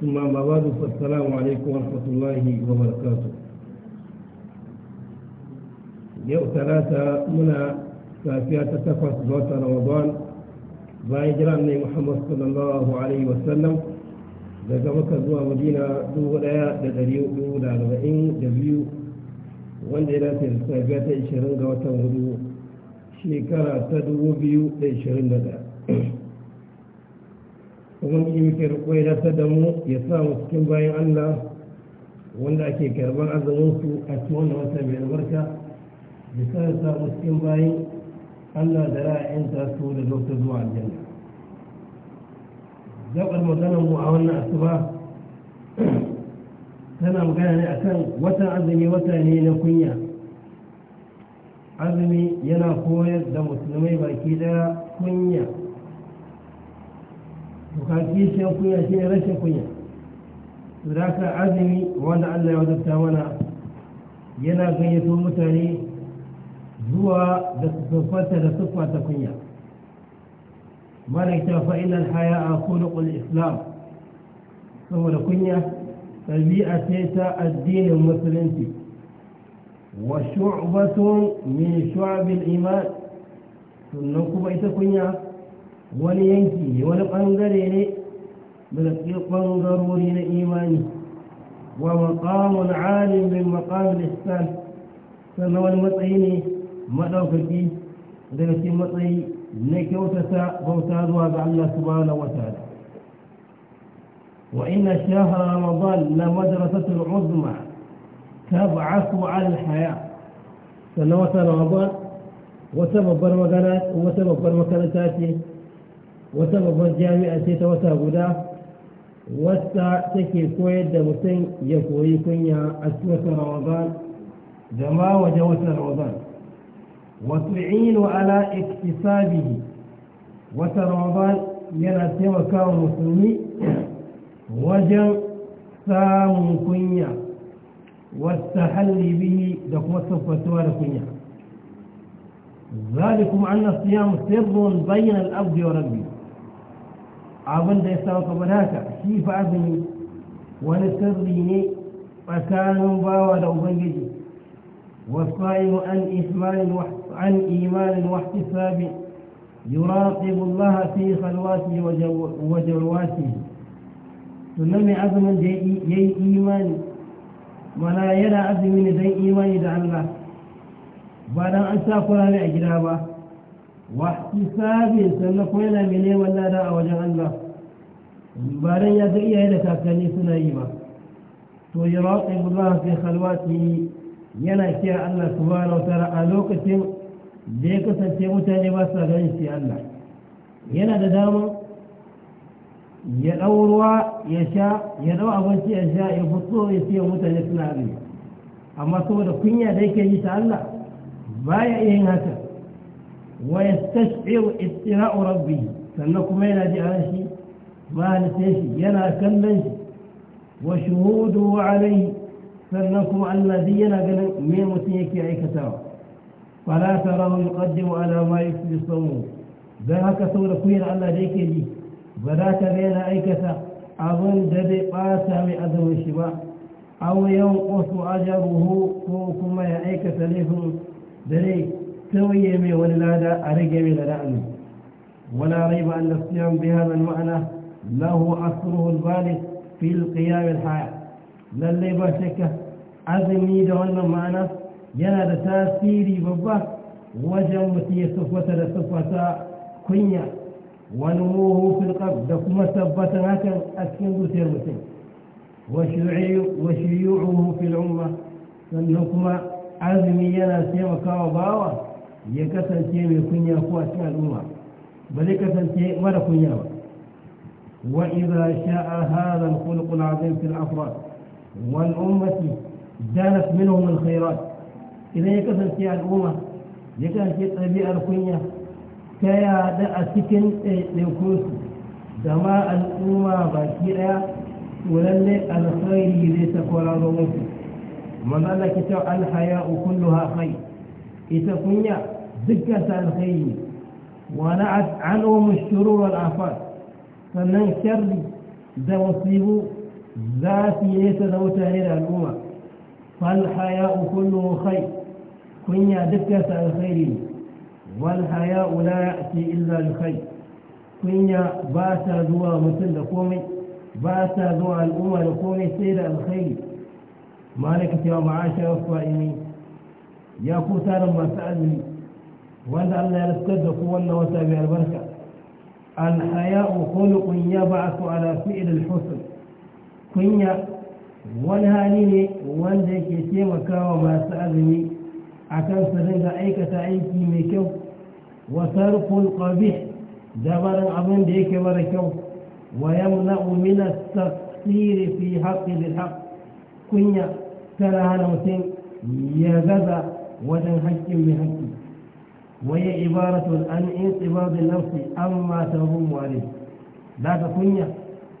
ثم أما بعد فالسلام عليكم ورحمة الله وبركاته يوم ثلاثة منا سافية تفت ذات رمضان بايجرا أن محمد صلى الله عليه وسلم daga maka zuwa madina dubu daya da dari hudu da arba'in da biyu wanda ya dace da safiya ta ga watan hudu shekara ta dubu biyu da ishirin da daya ubangiji muke riko ya dace da mu ya sa mu cikin bayan Allah wanda ake karban azumin su a cikin wannan wata mai albarka ya sa ya sa mu cikin bayan Allah da ra'ayin ta su da lokacin zuwa aljanna zaɓar maganar mu a wannan asuba tana magana ne akan watan azumi wata ne na kunya azumi yana koyar da musulmai baki daya kunya ka kishiyar kunya shi ne rashin kunya to da ka azumi wanda allah ya wadatta mana yana gayyato mutane zuwa da siffanta da siffanta kunya malaka fa inal haya a kuluqul islam saboda kunya ɗabi'a ce ta addinin musulunci wa shu'batun min shu'abil iman sannan kuma ita kunya ولينكيه ولقنذريني بل يقنذرون إيمانه ومقام عالم من مقام الإحسان فما هو المطعين ما له في الدين إذا كان المطعي نكوتة غوتاد الله سبحانه وتعالى وإن شهر رمضان لمدرسة العظمى تبعث على الحياة فما هو رمضان وسبب برمكانات وسبب برمكانات وسبب الجامعة تتوسابدا وسا تكي كويد دمسين يكوي كنيا أسوة رمضان جما وجوس رمضان وتعين على اكتسابه وسا رمضان ينسي وكاو مسلمي وجم سام كنيا والتحلي به دقوصف وتوار كنيا ذلكم أن الصيام سر بين الأرض وربه abin da ya samu kamar haka shi fa azumi wani sirri ne tsakanin bawa da ubangiji والصائم عن إيمان عن إيمان واحتساب يراقب الله في خلواته وجواته تنمي عزم جي إيمان ولا يرى عزم من ذي إيمان دع الله بعد أن تأكل على أجلابه wahtisabi sannan ko yana mai neman lada a wajen Allah ba dan ya ga iyaye da kakanni suna yi ba to yuraqib Allah fi khalwati yana kira Allah subhanahu wa ta'ala a lokacin da ya kasance mutane ba sa ganin shi Allah yana da damar ya ɗau ruwa ya sha ya ɗau abinci ya sha ya fito ya siya mutane suna abin amma saboda kunya da yake yi ta Allah ba ya iya yin haka ويستشعر استراء ربه فلنكم ما ينادي شيء ما نسيش ينا كلن وشهوده عليه فلنكم الذي ينا من مسيك أي كتاب فلا تراه يقدم على ما يكفي الصوم ذاك سورة كوين على ذيك يجي فلا بين أي كتاب أظن ذي قاسم اذن الشباب أو ينقص أجره فوكما يأيك تليف ذلك توي مي ولا دا ارغي ولا ريب ان الصيام بهذا المعنى له اثره البالغ في القيام الحياة للي باشك عزمي دون المعنى ينادى تاسيري بابا ببا وجم تي صفوتا دا كنيا ونموه في القبر دا كما ثبتنا كان اتكندو وشيوعي وشيوعه في العمة فنكما عزمي ينا سيما كاوباوه ya kasance mai kunya ko a cikin al'umma ba zai kasance mara kunya ba wa idza sha'a hadha al-khuluq al-'azim fi al-afrad wal ummati dalat minhum al khayrat idan ya kasance al'umma ya kasance tabi'ar kunya ta yada a cikin ɗaiɗaikunsu da ma al'umma baki ɗaya ولله الخير ليس ولا ضمنك من قال لك الحياء كلها خير إذا كنيا سكة الخير ونعت عنهم الشرور والآفات فمن شر ذا وصيب ذات يتدو تهير الأمة فالحياء كله خير كنيا دكة الخير والحياء لا يأتي إلا الخير كنيا باتا دوا مثل قومي باتا دوا الأمة لقومي سير الخير مالك يا معاشر الصائمين يا كثر مسألني وان الله يرتدك وان وتابع البركة الحياء خلق يبعث على فعل الحسن كنيا وان هاليني وان ديك يتيم كاوة ما سأذني أكام سرنجا أيكا تأيكي ميكو وترق القبيح دبرا عظيم ديك بركو ويمنع من التقصير في حق الحق كنيا ترى يا يغذى وتنحكم بحكم وهي عبارة عن انقباض النفس أما تهم عليه ذاك كنيا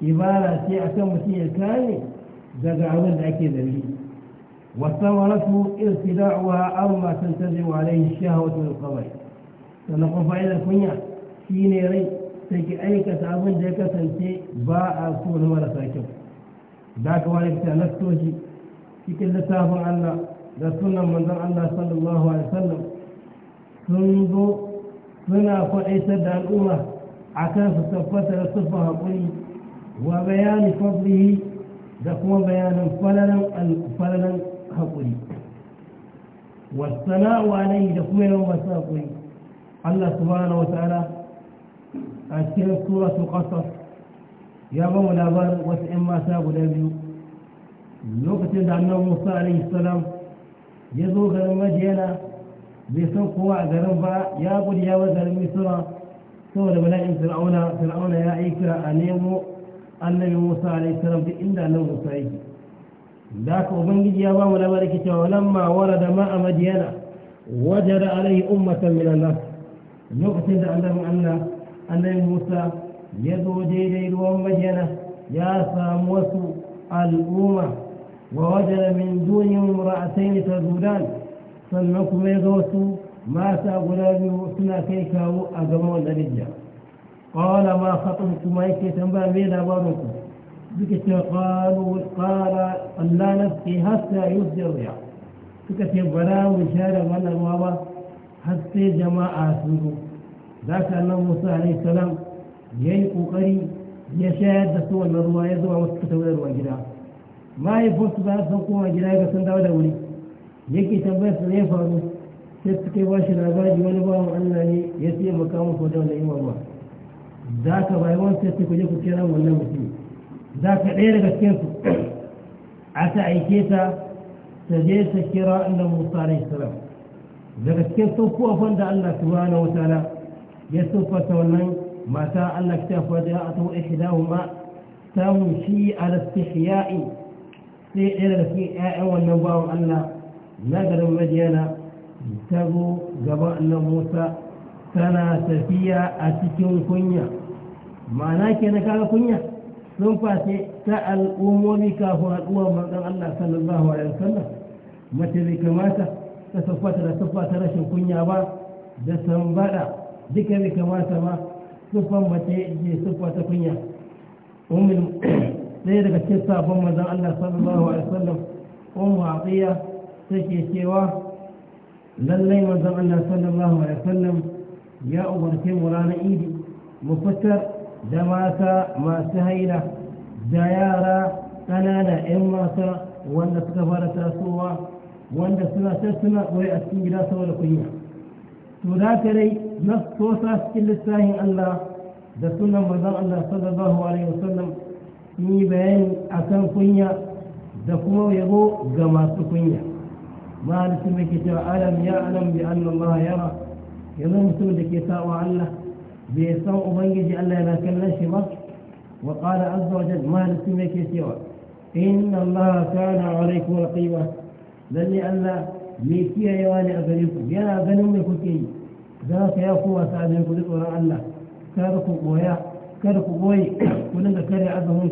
عبارة شيء أكم شيء كان ذاك عمل أكيد لي وثمرته ارتداعها أما تنتظم عليه الشهوة والقضاء سنقوم فإذا كنيا في نيري تجي أيكة أبن ديكة تنتي باء أكون ولا ساكب ذاك وعليك تنكتوشي في كل تافع عنا ذا سنة من الله صلى الله عليه وسلم Sunzo suna kwaɗaitar da al'umma a kan su tabbata da sufa haƙuri wa bayani fadlihi da kuma bayanin falalan haƙuri wasana'u alaihi da kuma yawan masu haƙuri allah subhanahu wa ta'ala a cikin suratu qasas ya ba mu labarin wasu 'yan mata guda biyu lokacin da annabi musa alaihi salam ya zo garin madiyana بيسو قوى ذنبا يا بني يا وزن مصر فرعون فرعون يا عيكرا أنيم النبي موسى عليه السلام في إلا لو مصعيه ذاك وبنجد يا بام الأمريكة ولما ورد ماء مدينة وجد عليه أمة من الناس يقصد عندهم أن النبي موسى يدعو جيدي الوام مدينة يا ساموس الأمة ووجد من دونهم امرأتين تزودان sannan kuma ya ga wasu mata guda biyu suna kai kawo a gaban wanda rijiya ƙwala ma haɗin kuma yake tambaya mai labarin ku suka ce ƙwalo ƙwala Allah na fi hasa yusuf ya suka ce bara mu share wannan ruwa ba har sai jama'a sun zo za ka nan musa alaihi salam ya yi ƙoƙari ya shayar da su wannan ruwa ya zuba wasu fita ruwa gida mahaifinsu ba san koma gida ga sun dawo da wuri yake tabbata ne faru sai suka ba shi labari wani bawan Allah ne ya siya maka muku da wannan imama za ka bai wani sai ku je ku kira wannan mutum za ka ɗaya daga cikin su a ta aike ta ta je ta kira annabi Musa alaihi salam daga cikin sufufan da Allah subhanahu wataala ya sufata wannan mata Allah ta fada ya atu ihdahuma tamshi ala istihya'i sai ɗaya daga cikin ƴaƴan wannan bawan Allah نقل مدينة تبو قباء موسى tana tafiya a cikin kunya ma'ana ke na kaga kunya sun face ta al'ummomi kafin al'ummar manzon Allah sallallahu alaihi wasallam mace bai kamata ta siffata da siffa ta rashin kunya ba da sambada duka bai kamata ma siffan mace je siffa ta kunya ummul sai daga cikin sabon manzon Allah sallallahu alaihi wasallam ummu aqiya سيكي سيوا للي وزر الله صلى الله عليه وسلم يا أبرتي مرانا إيدي مفتر دماسا ما سهيلا زيارا قنانا إماسا وانا تكفر تاسوا وانا سنا تسنا وي أسكي لا سولا قيمة سوداك لي نص توسا سكيل الساهي الله دسنا مرضان الله صلى الله عليه وسلم ni bayani akan kunya da kuma yabo ga masu kunya ذلك انك ألم يعلم بأن الله يرى يظن سودك يساء الله بيساء بنجي الله لا كان لشي وقال عز وجل ما لسمك سوى إن الله كان عليكم رقيبا ذلي ألا ميكي يا والي يا بني أمك كي ذاك يا قوة سعدين قلت وراء الله كاركو قويا كاركو قوي ولن كري عزهم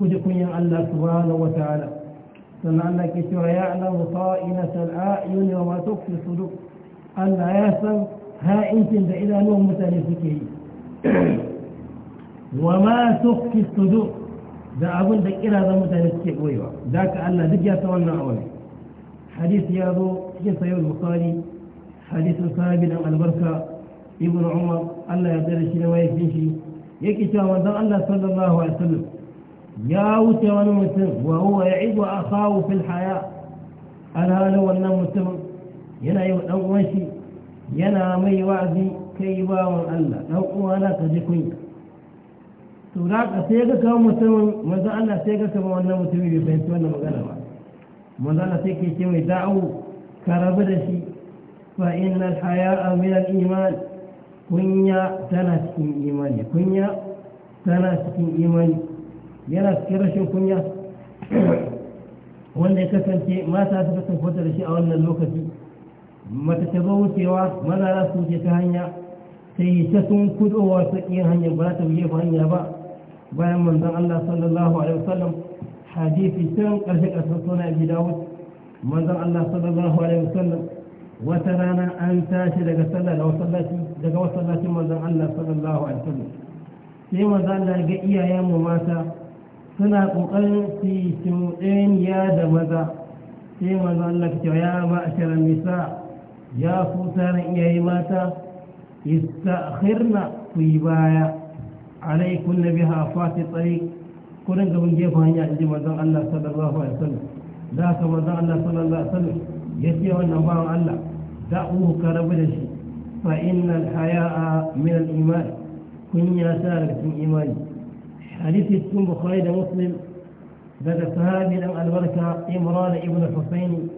كجكو يا الله سبحانه وتعالى كما كثير يعلم طائلة الأعين وما تكفي صدق أن يسر هائنك إلى نوم متنفك وما تخفي الصدور ذا أقول ذا إلى ذا متنفك ذاك ألا ذكي تولى أولي حديث يابو كيف يقول البخاري حديث ثابت عن البركة ابن عمر الله يدرس شنو يفنشي يكي شاء الله صلى الله عليه وسلم ياو تمن متن وهو يعيب أخاه في الحياة أنا لو أن مسلم ينا يوشي ينا مي وعزي كي باون ألا لو أنا تجكوين تراك أسيقك ومتن ماذا أنا أسيقك وأن متن يبنت وأن مغانا ماذا أنا تكي كمي دعو كربدشي فإن الحياة من الإيمان كنيا تنسكين إيماني كنيا تنسكين إيماني yana cikin rashin kunya wanda ya kasance mata suka tabbata da shi a wannan lokaci mata ta zo wucewa maza za su wuce ta hanya sai yi ta sun kudowa su iya hanyar ba za ta wuce ba hanya ba bayan manzon Allah sallallahu alaihi wasallam hadisi can karshe karshen suna Abi Dawud manzon Allah sallallahu alaihi wasallam wata rana an tashi daga sallah da wasallaci daga wasallacin manzon Allah sallallahu alaihi wasallam sai manzon Allah ga iyayen mu mata suna kokarin su cuɗaniya da maza sai manzo Allah ka cewa ya ma'ashara nisa ya ku tarin iyaye mata istakhirna ku yi baya alaikun na biha fati tsari ku dinga bin gefen hanya in ji manzon Allah sallallahu alaihi wasallam da haka manzon Allah sallallahu alaihi wasallam ya ce wannan bawan Allah da'uhu ka rabu da shi fa innal haya'a min al-iman kunya ta daga cikin imani حديث يكون بخاري ومسلم daga sahabi dan albarka imran ibn husayn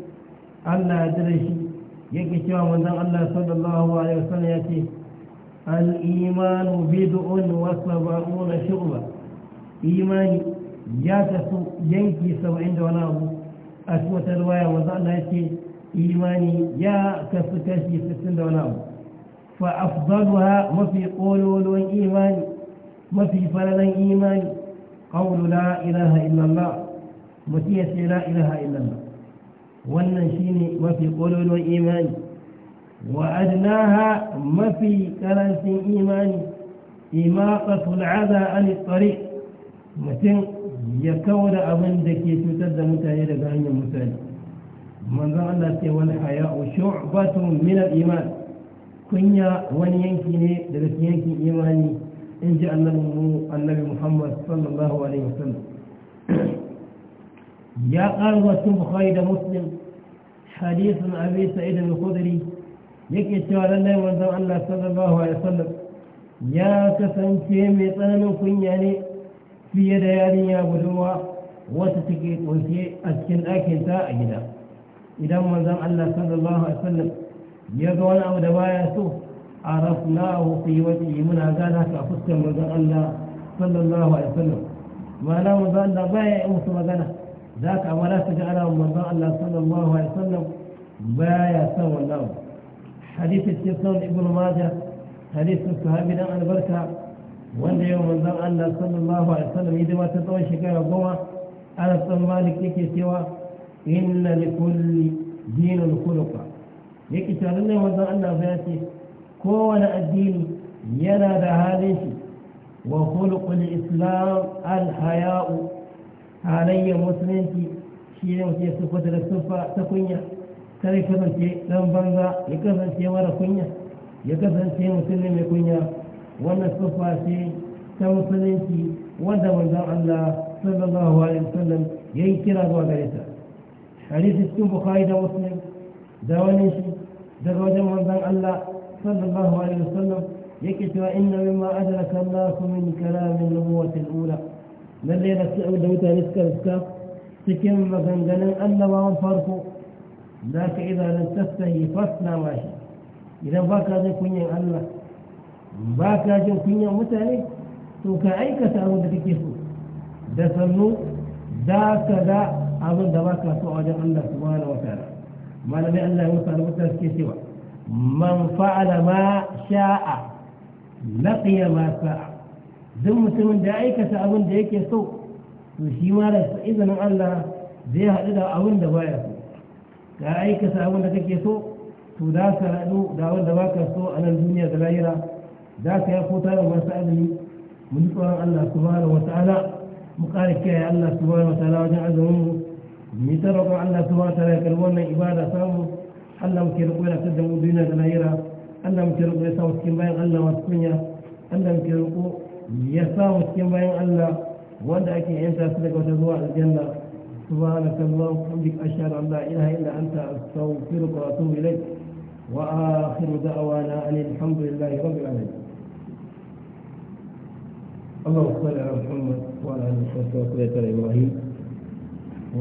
Allah ya dare shi yake cewa manzon Allah sallallahu alaihi wasallam ya ce al-iman bid'un wa sab'un shu'ba imani ya tasu yanki 70 da wani abu a wata riwaya manzon Allah ya ce imani ya kasu kashi 60 da wani abu fa afdaluha mafi qululun imani ما في فلن إيمان قول لا إله إلا الله ما مفي لا إله إلا الله والنشين في قلول إيمان وأدناها ما في كلاس إيمان إماطة العذى عن الطريق مثل يكون أمن ذكي تتد متاهدة بأن المتاهدة من ذا الله سوى الحياة شعبة من الإيمان كنيا ونينكي لذلك ينكي إيماني إن جاء النبي محمد صلى الله عليه وسلم يا قال وسلم خيد مسلم حديث أبي سعيد الخضري يكي تعالى الله وزم الله صلى الله عليه وسلم يا كسن كيم يطنن في يعني في يا بدوا وتتكي وتي أتكن أكن تأجدا إذا ما وزم الله صلى الله عليه وسلم يدوان أو دوايا سوف عرفناه في وجهه منا غانا كفسكر مزان الله صلى الله عليه وسلم ما لا مزان الله بايع أمس مزانا ذاك أولا تجعله مزان الله صلى الله عليه وسلم بايع سوى الله حديث السلطان ابن ماجه حديث الصحابي عن البركه wanda يوم manzan الله صلى الله عليه وسلم ta tsawon shekara goma أنا صلى الله عليه وسلم inna li kulli dinin khuluqa yake cewa nan ne manzan kowane addini yana da halin shi wa hulqul islam al haya'u halayya musulunci shi ne mutum ya sufa da sufa ta kunya kare kasance dan banza ya kasance mara kunya ya kasance mutum ne mai kunya wannan sufa ce ta musulunci wanda manzon Allah sallallahu alaihi wasallam yayi kira zuwa gare ta hadisi cikin bukhari da muslim da wani shi دروجم وندن الله صلى الله عليه وسلم يكت ان مما أدرك الله من كلام النبوة الأولى من ليلة سعود دوتا نسكا نسكا سكين مغنجن ألا وان فارفو ذاك إذا لن تستهي ما ماشي إذا باكا جن كنيا ألا باكا جن كنيا متاني توكا أي كتارو دكيفو دسلو ذاك ذا أظن دواكا سعود الله سبحانه وتعالى ما لم الله يوصل وتزكي سوى من فعل ما شاء لقي ما ساء duk mutumin da aikata abin da yake so to shi ma da izinin Allah zai haɗu da abin da baya so ka aikata abin da kake so to za ka haɗu da abin da baka so a nan duniya da lahira za ka yi kota da masu azumi mun tsoron Allah subhanahu wa ta'ala mu ƙara kiyaye Allah subhanahu wa ta'ala wajen azumin mu مترضوا على سواتا يكلمون إبادة سامو ألم كيرقوين أتدموا دينا دنايرا ألم كيرقوين يساو سكيمباين ألا واسكنيا ألم كيرقو يساو سكيمباين ألا وانت أكي أنت أسلك وتدوى الجنة سبحانك الله وبحمدك أشهد أن لا إله إلا أنت أستغفرك وأتوب إليك وآخر دعوانا أن الحمد لله رب العالمين اللهم صل على محمد وعلى آله وصحبه وسلم إبراهيم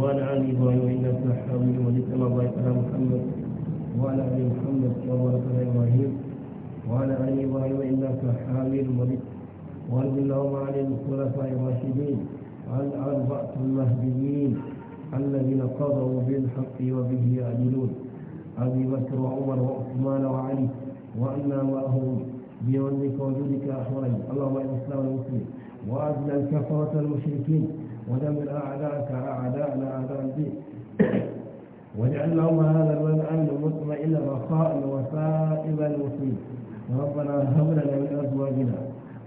وعلى آل إبراهيم إنك حميد وليس الله بارك على محمد وعلى آل محمد كما باركت على إبراهيم وعلى آل إبراهيم إنك حميد مجيد وارض اللهم على الخلفاء الراشدين الأربعة المهديين الذين قضوا بالحق وبه يعدلون أبي بكر وعمر وعثمان وعلي وأنا معهم بمنك وجودك أحوالي اللهم إن الإسلام المسلم وأذل الكفرة المشركين ودمر أعداءك أعداءنا أعداء الدين واجعل لهم هذا الوضع المطمئن مطمئنا رخاء وسائب المسلمين ربنا هب لنا من أزواجنا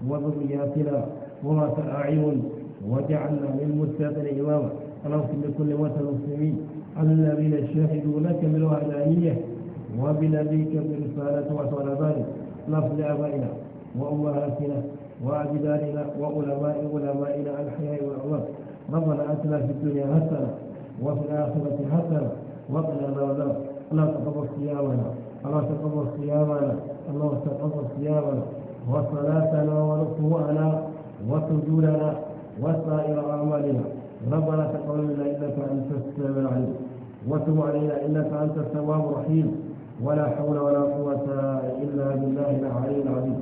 وذرياتنا قرة الأعين واجعلنا للمتقين إماما اللهم لكل موتى المسلمين الذين شهدوا لك بالوحدانية وبنبيك برسالة وعلى ذلك لفظ آبائنا وأمهاتنا وأجدادنا وعلماء علمائنا الأحياء والعوام ربنا أتنا في الدنيا حسنة وفي الآخرة حسنة وقنا عذاب الله تقبل صيامنا الله تقبل صيامنا الله تقبل صيامنا وصلاتنا وركوعنا وسجودنا وسائر أعمالنا ربنا تقبل منا إنك أنت السميع العليم وتب علينا إنك أنت التواب الرحيم ولا حول ولا قوة إلا بالله العلي العظيم